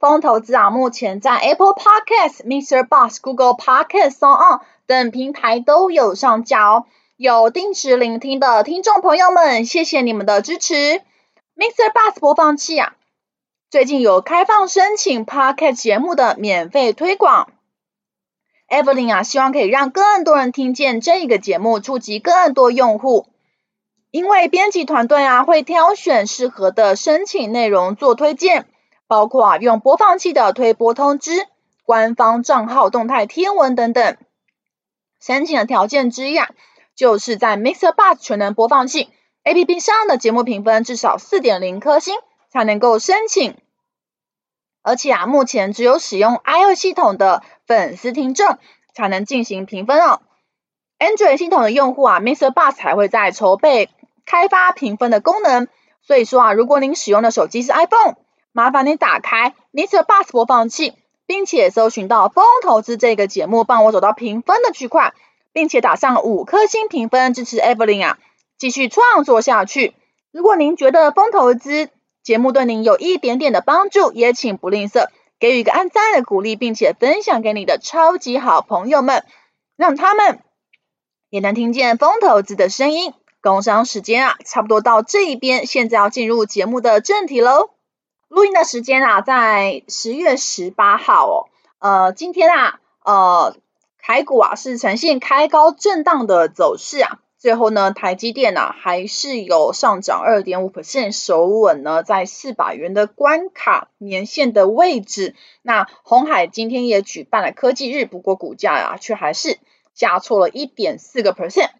瘋投資啊，目前在 Apple Podcasts、MixerBox、Google Podcasts 等平台都有上架哦。有定時聆聽的聽眾朋友們，謝謝你們的支持。MixerBox 播放器啊，最近有開放申請 Podcast 節目的免費推廣。Evelyn 啊，希望可以讓更多人聽見這一個節目，觸及更多用戶。因為編輯團隊啊，會挑選適合的申請內容做推薦。包括啊，用播放器的推播通知、官方賬號動態、天文等等。申請的條件之一啊，就是在 MixerBox 全能播放器 A P P 上的節目評分至少四點零顆星才能夠申請。而且啊，目前只有使用 iOS 系統的粉絲聽眾才能進行評分哦。Android 系統的用戶啊，MixerBox 還會在籌備開發評分的功能。所以說啊，如果您使用的手機是 iPhone。麻煩你打開 Niche Bus 播放器，並且搜尋到《風投資》這個節目，幫我走到評分的區塊，並且打上五顆星評分，支持 Evelyn 啊，繼續創作下去。如果您覺得《風投資》節目對您有一點點的幫助，也請不吝嗇給予一個按讚的鼓勵，並且分享給你的超級好朋友們，讓他們也能聽見風投資的聲音。工商時間啊，差不多到這一邊，現在要進入節目的正題嘍。錄音的時間啊，在十月十八號哦。呃，今天啊，呃，台股啊是呈現開高震盪的走勢啊。最後呢，台積電啊，還是有上漲二點五 percent，守穩呢在四百元的關卡年線的位置。那鴻海今天也舉辦了科技日，不過股價啊，卻還是下挫了一點四個 percent。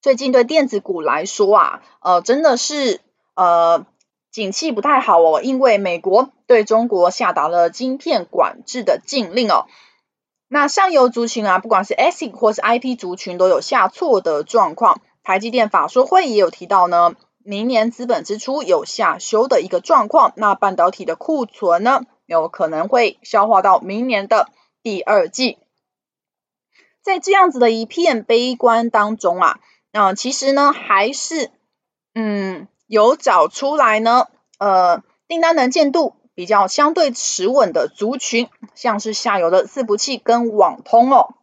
最近對電子股來說啊，呃，真的是呃。景氣不太好哦，因為美國對中國下達了晶片管制的禁令哦。那上游族群啊，不管是 ASIC 或是 IP 族群都有下挫的狀況。台積電法說會也有提到呢，明年資本支出有下修的一個狀況。那半導體的庫存呢，有可能會消化到明年的第二季。在這樣子的一片悲觀當中啊，嗯，其實呢，還是嗯。有找出來呢，呃，訂單能見度比較相對持穩的族群，像是下游的伺服器跟網通哦，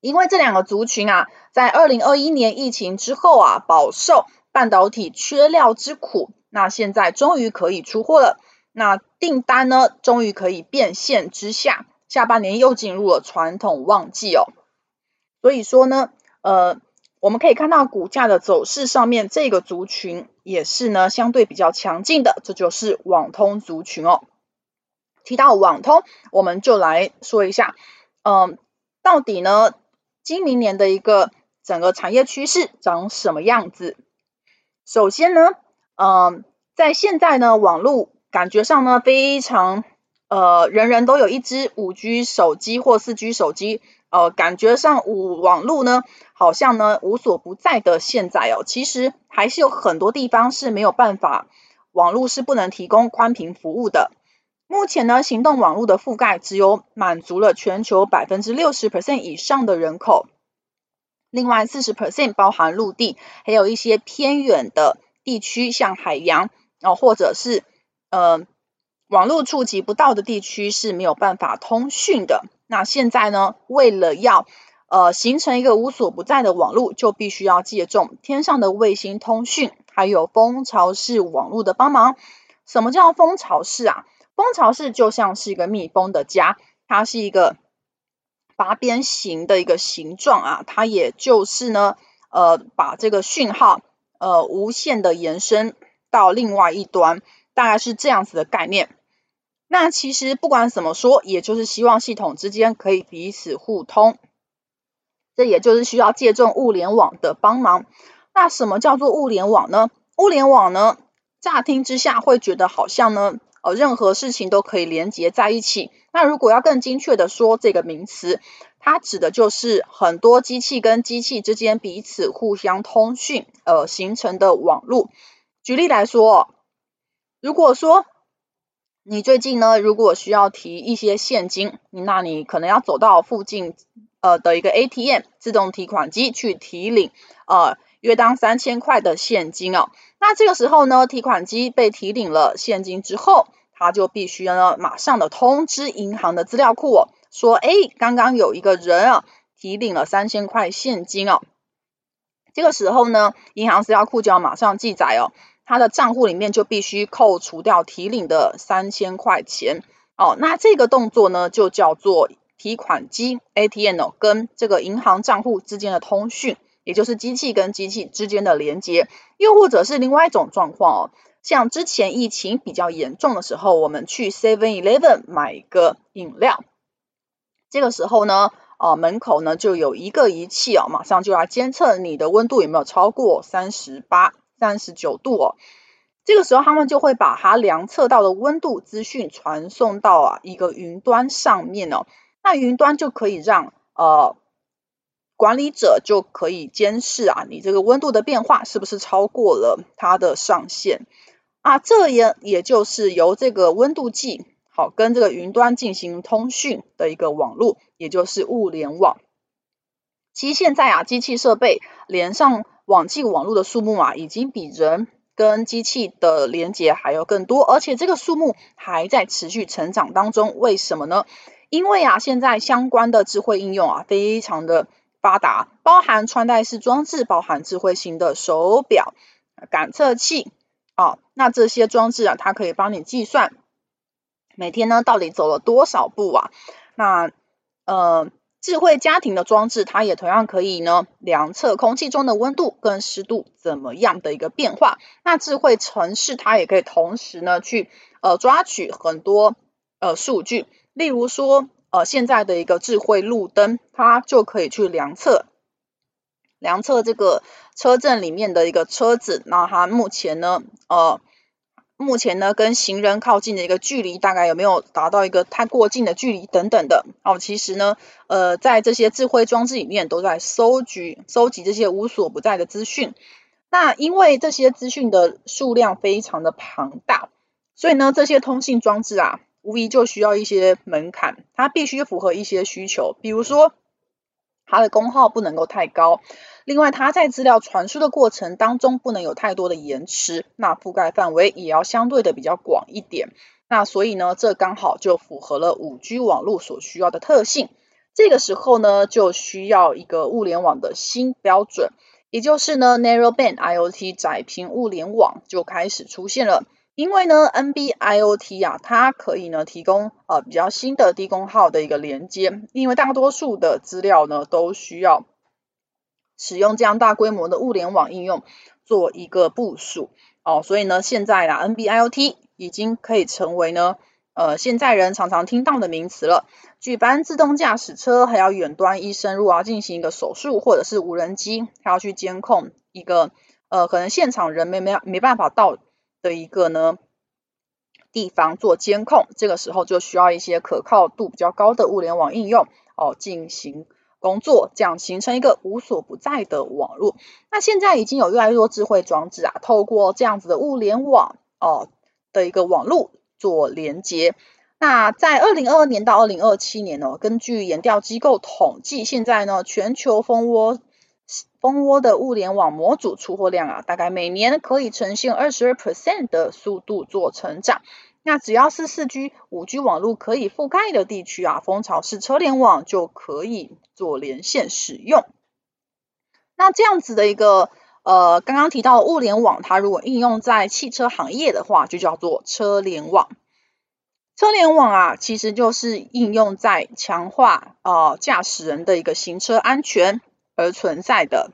因為這兩個族群啊，在二零二一年疫情之後啊，飽受半導體缺料之苦，那現在終於可以出貨了，那訂單呢，終於可以變現之下，下半年又進入了傳統旺季哦，所以說呢，呃。我們可以看到股價的走勢，上面這個族群也是呢相對比較強勁的，這就是網通族群哦。提到網通，我們就來說一下，嗯，到底呢今明年的一個整個產業趨勢長什麼樣子？首先呢，嗯，在現在呢網路感覺上呢非常呃，人人都有一支 5G 手機或 4G 手機。呃，感覺上五網路呢，好像呢無所不在的現在哦，其實還是有很多地方是沒有辦法，網路是不能提供寬頻服務的。目前呢，行動網路的覆蓋只有滿足了全球百分之六十 percent 以上的人口，另外四十 percent 包含陸地，還有一些偏遠的地區，像海洋哦、呃，或者是嗯。呃網絡觸及不到的地區是沒有辦法通訊的。那現在呢，為了要呃形成一個無所不在的網絡，就必須要借重天上的衛星通訊，還有蜂巢式網絡的幫忙。什麼叫蜂巢式啊？蜂巢式就像是一個蜜蜂的家，它是一個八邊形的一個形狀啊。它也就是呢，呃，把這個訊號呃無限的延伸到另外一端。大概是這樣子的概念。那其實不管怎麼說，也就是希望系統之間可以彼此互通。這也就是需要借助物聯網的幫忙。那什麼叫做物聯網呢？物聯網呢，乍聽之下會覺得好像呢，呃，任何事情都可以連接在一起。那如果要更精確的說，這個名詞，它指的就是很多機器跟機器之間彼此互相通訊，呃，形成的網路。舉例來說哦。如果說你最近呢，如果需要提一些現金，那你可能要走到附近呃的一個 ATM 自動提款機去提領呃約當三千塊的現金哦。那這個時候呢，提款機被提領了現金之後，他就必須呢馬上的通知銀行的資料庫哦，說哎，剛剛有一個人啊提領了三千塊現金哦。這個時候呢，銀行資料庫就要馬上記載哦。他的賬戶裡面就必須扣除掉提領的三千塊錢哦。那這個動作呢，就叫做提款機 ATM 哦，跟這個銀行賬戶之間的通訊，也就是機器跟機器之間的連接。又或者是另外一種狀況哦，像之前疫情比較嚴重的時候，我們去 Seven Eleven 買一個飲料，這個時候呢，啊、呃、門口呢就有一個儀器哦，馬上就要監測你的溫度有沒有超過三十八。三十九度哦，這個時候他們就會把它量測到的溫度資訊傳送到啊一個雲端上面哦，那雲端就可以讓呃管理者就可以監視啊你這個溫度的變化是不是超過了它的上限啊？這也也就是由這個溫度計好跟這個雲端進行通訊的一個網絡，也就是物聯網。其實現在啊，機器設備連上。網際網路的數目啊，已經比人跟機器的連接還要更多，而且這個數目還在持續成長當中。為什麼呢？因為啊，現在相關的智慧應用啊，非常的發達，包含穿戴式裝置，包含智慧型的手錶、感測器啊、哦，那這些裝置啊，它可以幫你計算每天呢到底走了多少步啊，那呃。智慧家庭的裝置，它也同樣可以呢，量測空氣中的溫度跟濕度怎麼樣的一個變化。那智慧城市，它也可以同時呢，去呃抓取很多呃數據，例如說呃現在的一個智慧路燈，它就可以去量測量測這個車陣裡面的一個車子，那它目前呢呃。目前呢，跟行人靠近的一個距離，大概有沒有達到一個太過近的距離等等的哦。其實呢，呃，在這些智慧裝置裡面，都在蒐集蒐集這些無所不在的資訊。那因為這些資訊的數量非常的龐大，所以呢，這些通信裝置啊，無疑就需要一些門檻，它必須符合一些需求，比如說。它的功耗不能夠太高，另外它在資料傳輸的過程當中不能有太多的延遲，那覆蓋範圍也要相對的比較廣一點。那所以呢，這剛好就符合了五 G 網絡所需要的特性。這個時候呢，就需要一個物聯網的新標準，也就是呢 Narrowband IoT 窄頻物聯網就開始出現了。因為呢，NB-IoT 啊，它可以呢提供呃比較新的低功耗的一個連接。因為大多數的資料呢都需要使用這樣大規模的物聯網應用做一個部署哦，所以呢，現在啦 NB-IoT 已經可以成為呢呃現在人常常聽到的名詞了。舉凡自動駕駛車，還要遠端醫生如果要進行一個手術，或者是無人機還要去監控一個呃可能現場人沒沒沒辦法到。的一個呢地方做監控，這個時候就需要一些可靠度比較高的物聯網應用哦進行工作，這樣形成一個無所不在的網絡。那現在已經有越來越多智慧裝置啊，透過這樣子的物聯網哦的一個網絡做連接。那在二零二二年到二零二七年呢，根據研調機構統計，現在呢全球蜂窩蜂窩的物聯網模組出貨量啊，大概每年可以呈現二十二 percent 的速度做成長。那只要是四 G、五 G 網絡可以覆蓋的地區啊，蜂巢式車聯網就可以做連線使用。那這樣子的一個呃，剛剛提到的物聯網，它如果應用在汽車行業的話，就叫做車聯網。車聯網啊，其實就是應用在強化呃駕駛人的一個行車安全。而存在的，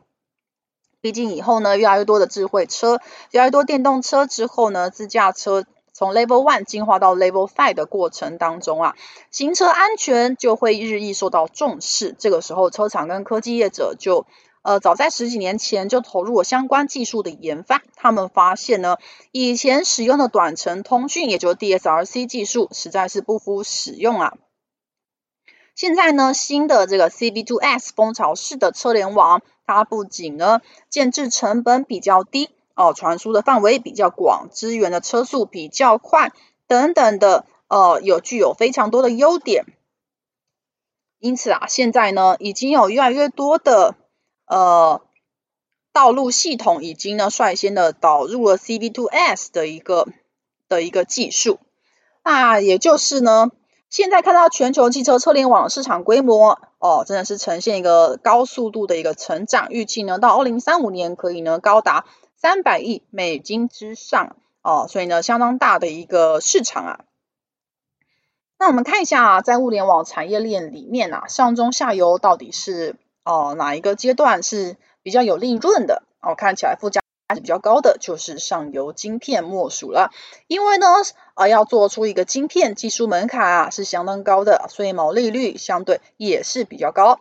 畢竟以後呢，越來越多的智慧車，越來越多電動車之後呢，自駕車從 Level One 進化到 Level Five 的過程當中啊，行車安全就會日益受到重視。這個時候，車廠跟科技業者就呃，早在十幾年前就投入了相關技術的研發。他們發現呢，以前使用的短程通訊，也就是 DSRC 技術，實在是不敷使用啊。現在呢，新的這個 C-V2X 蜂巢式的車聯網，它不僅呢建置成本比較低，哦、呃，傳輸的範圍比較廣，支援的車速比較快等等的，呃，有具有非常多的優點。因此啊，現在呢，已經有越來越多的呃道路系統已經呢率先的導入了 C-V2X 的一個的一個技術，那也就是呢。現在看到全球汽車車聯網市場規模哦，真的是呈現一個高速度的一個成長，預計呢到二零三五年可以呢高達三百億美金之上哦，所以呢相當大的一個市場啊。那我們看一下啊，在物聯網產業鏈裡面啊，上中下游到底是哦哪一個階段是比較有利潤的？哦，看起來附加。是比較高的，就是上游晶片莫屬了。因為呢，啊，要做出一個晶片，技術門檻啊是相當高的，所以毛利率相對也是比較高。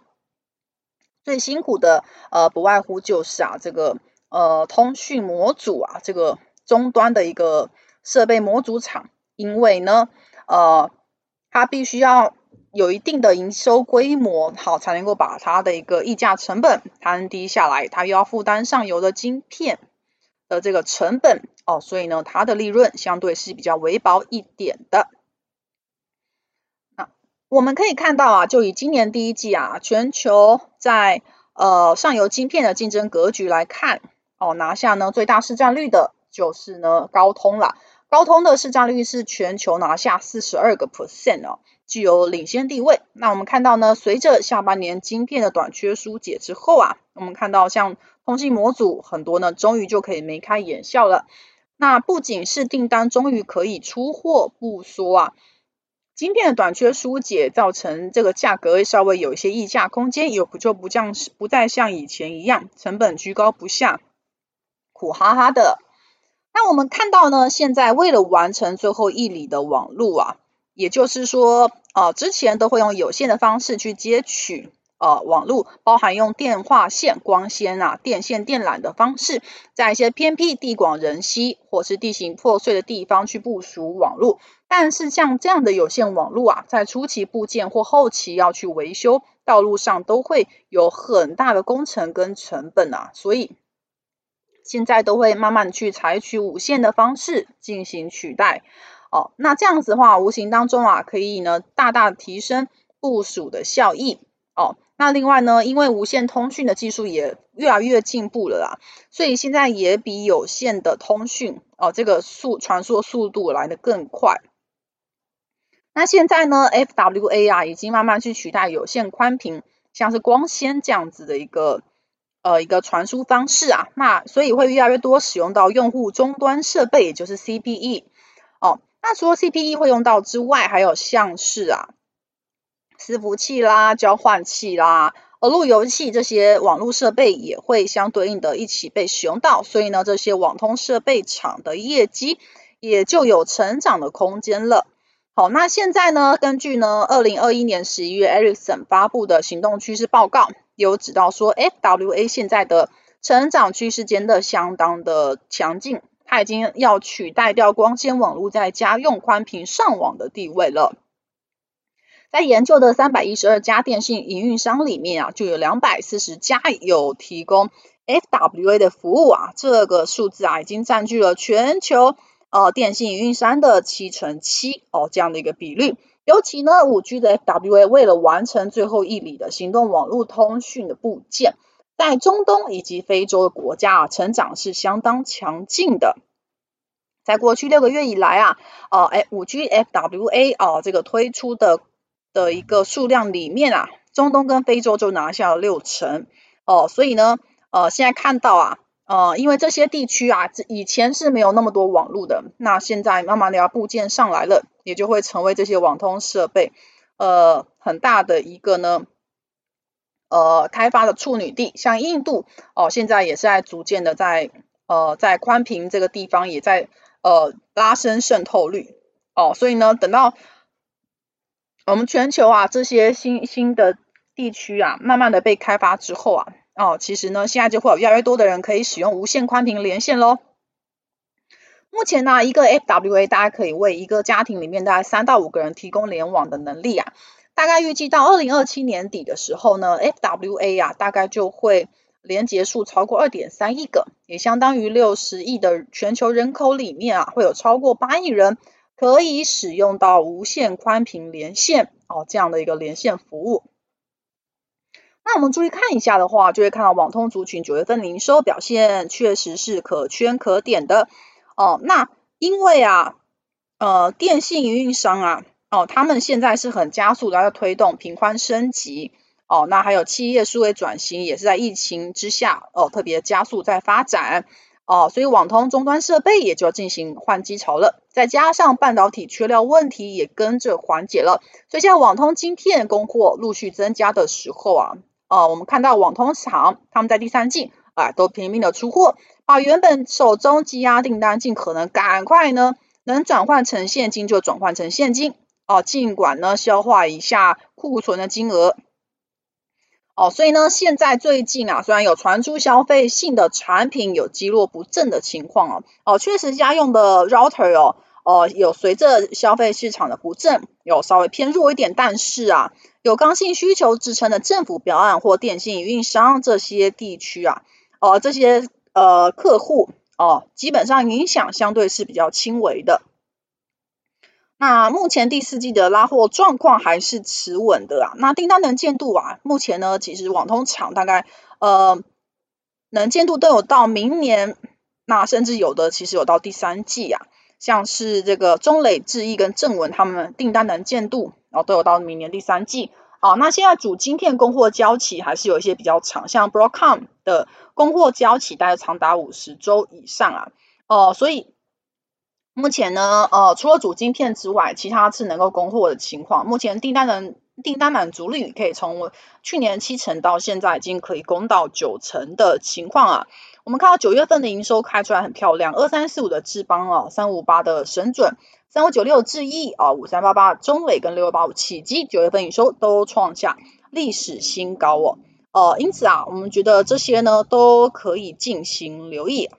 最辛苦的，呃，不外乎就是啊，這個呃，通訊模組啊，這個終端的一個設備模組廠，因為呢，呃，它必須要有一定的營收規模，好才能夠把它的一個溢價成本攤低下來，它又要負擔上游的晶片的這個成本哦，所以呢，它的利潤相對是比較微薄一點的。那我們可以看到啊，就以今年第一季啊，全球在呃上游晶片的競爭格局來看，哦，拿下呢最大市占率的，就是呢高通了。高通的市占率是全球拿下四十二個 percent 哦，具有領先地位。那我們看到呢，隨着下半年晶片的短缺疏解之後啊，我們看到像。通信模組很多呢，終於就可以眉開眼笑了。那不僅是訂單終於可以出貨不說啊，晶片的短缺疏解，造成這個價格稍微有一些溢價空間，有不就不降，不再像以前一樣成本居高不下，苦哈哈的。那我們看到呢，現在為了完成最後一哩的網路啊，也就是說，啊、呃、之前都會用有線的方式去接取。呃，網路包含用電話線、光纖啊、電線電纜的方式，在一些偏僻、地廣人稀或是地形破碎的地方去部署網路。但是像這樣的有線網路啊，在初期佈建或後期要去維修，道路上都會有很大的工程跟成本啊。所以現在都會慢慢去採取無線的方式進行取代。哦，那這樣子的話，無形當中啊，可以呢，大大提升部署的效益。哦。那另外呢，因為無線通訊的技術也越來越進步了啦，所以現在也比有線的通訊哦，這個速傳輸速度來得更快。那現在呢，FWA 啊，已經慢慢去取代有線寬頻，像是光纖這樣子的一個呃一個傳輸方式啊。那所以會越來越多使用到用戶終端設備，也就是 CPE 哦。那除了 CPE 會用到之外，還有像是啊。伺服器啦、交換器啦、而路由器這些網絡設備也會相對應的一起被使用到，所以呢，這些網通設備廠的業績也就有成長的空間了。好，那現在呢，根據呢，二零二一年十一月 Ericsson 發布的行動趨勢報告，有指到說，FWA 現在的成長趨勢真的相當的強勁，它已經要取代掉光纖網絡在家用寬頻上網的地位了。在研究的三百一十二家電信營運商裡面啊，就有兩百四十家有提供 FWA 的服務啊，這個數字啊，已經佔據了全球呃電信營運商的七成七哦，這樣的一個比率。尤其呢，五 G 的 FWA 為了完成最後一哩的行動網絡通訊的部件，在中東以及非洲的國家啊，成長是相當強勁的。在過去六個月以來啊，哦、呃，哎，五 G FWA 哦、啊，這個推出的。的一個數量裡面啊，中東跟非洲就拿下了六成哦、呃，所以呢，呃，現在看到啊，呃，因為這些地區啊，這以前是沒有那麼多網絡的，那現在慢慢的要部件上來了，也就會成為這些網通設備呃很大的一個呢呃開發的處女地，像印度哦、呃，現在也是在逐漸的在呃在寬頻這個地方也在呃拉伸滲透率哦、呃，所以呢，等到。我們全球啊，這些新新的地區啊，慢慢的被開發之後啊，哦，其實呢，現在就會有越來越多的人可以使用無線寬頻連線嘍。目前呢，一個 FWA 大概可以為一個家庭裡面大概三到五個人提供聯網的能力啊。大概預計到二零二七年底的時候呢，FWA 呀、啊、大概就會連結數超過二點三億個，也相當於六十億的全球人口裡面啊，會有超過八億人。可以使用到無線寬頻連線哦，這樣的一個連線服務。那我們注意看一下的話，就會看到網通族群九月份營收表現確實是可圈可點的哦。那因為啊，呃，電信運營商啊，哦，他們現在是很加速在推動頻寬升級哦。那還有企業數位轉型也是在疫情之下哦，特別加速在發展。哦、啊，所以網通終端設備也就要進行換機潮了，再加上半導體缺料問題也跟着緩解了，所以現在網通芯片供貨陸續增加的時候啊，啊，我們看到網通廠他們在第三季啊都拼命的出貨，把、啊、原本手中積壓訂單盡可能趕快呢能轉換成現金就轉換成現金，啊，儘管呢消化一下庫存的金額。哦，所以呢，現在最近啊，雖然有傳出消費性的產品有疲弱不振的情況哦、啊，哦，確實家用的 router 哦，哦、呃，有隨着消費市場的不振，有稍微偏弱一點，但是啊，有剛性需求支撐的政府標案或電信運營商這些地區啊，哦、呃，這些呃客戶哦、呃，基本上影響相對是比較輕微的。那目前第四季的拉貨狀況還是持穩的啊。那訂單能見度啊，目前呢，其實網通廠大概呃能見度都有到明年，那甚至有的其實有到第三季啊。像是這個中磊、智易跟正文他們訂單能見度，然後，哦，都有到明年第三季啊，哦。那現在主晶片供貨交期還是有一些比較長，像 Broadcom 的供貨交期大概長達五十周以上啊。哦，所以。目前呢，呃，除了主晶片之外，其他是能夠供貨的情況。目前訂單的訂單滿足率可以從去年七成到現在已經可以供到九成的情況啊。我們看到九月份的營收開出來很漂亮，二三四五的智邦哦、啊，三五八的神準，三五九六智易啊，五三八八中磊跟六六八五啟碁，九月份營收都創下歷史新高哦。呃，因此啊，我們覺得這些呢都可以進行留意。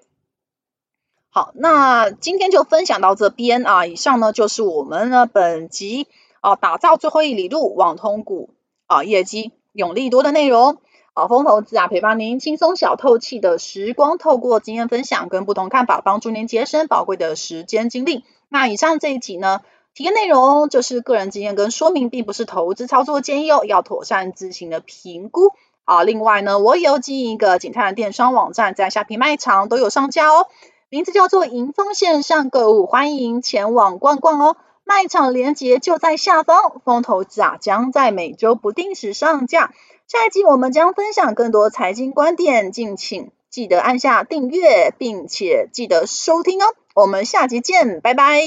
好，那今天就分享到這邊啊！以上呢，就是我們呢本集啊「打造最後一哩路網通股啊業績擁利多的內容啊，瘋投資啊陪伴您輕鬆小透氣的時光，透過經驗分享跟不同看法，幫助您節省寶貴的時間精力。那以上這一集呢，提的內容就是個人經驗跟說明，並不是投資操作建議哦，要妥善自行的評估啊。另外呢，我也有經營一個瑩豐的電商網站，在蝦皮賣場都有上架哦。名字叫做瑩豐線上購物，歡迎前往逛逛哦。賣場連結就在下方，瘋投資啊將在每週不定時上架。下一集我們將分享更多財經觀點，敬請記得按下訂閱，並且記得收聽哦。我們下集見，拜拜。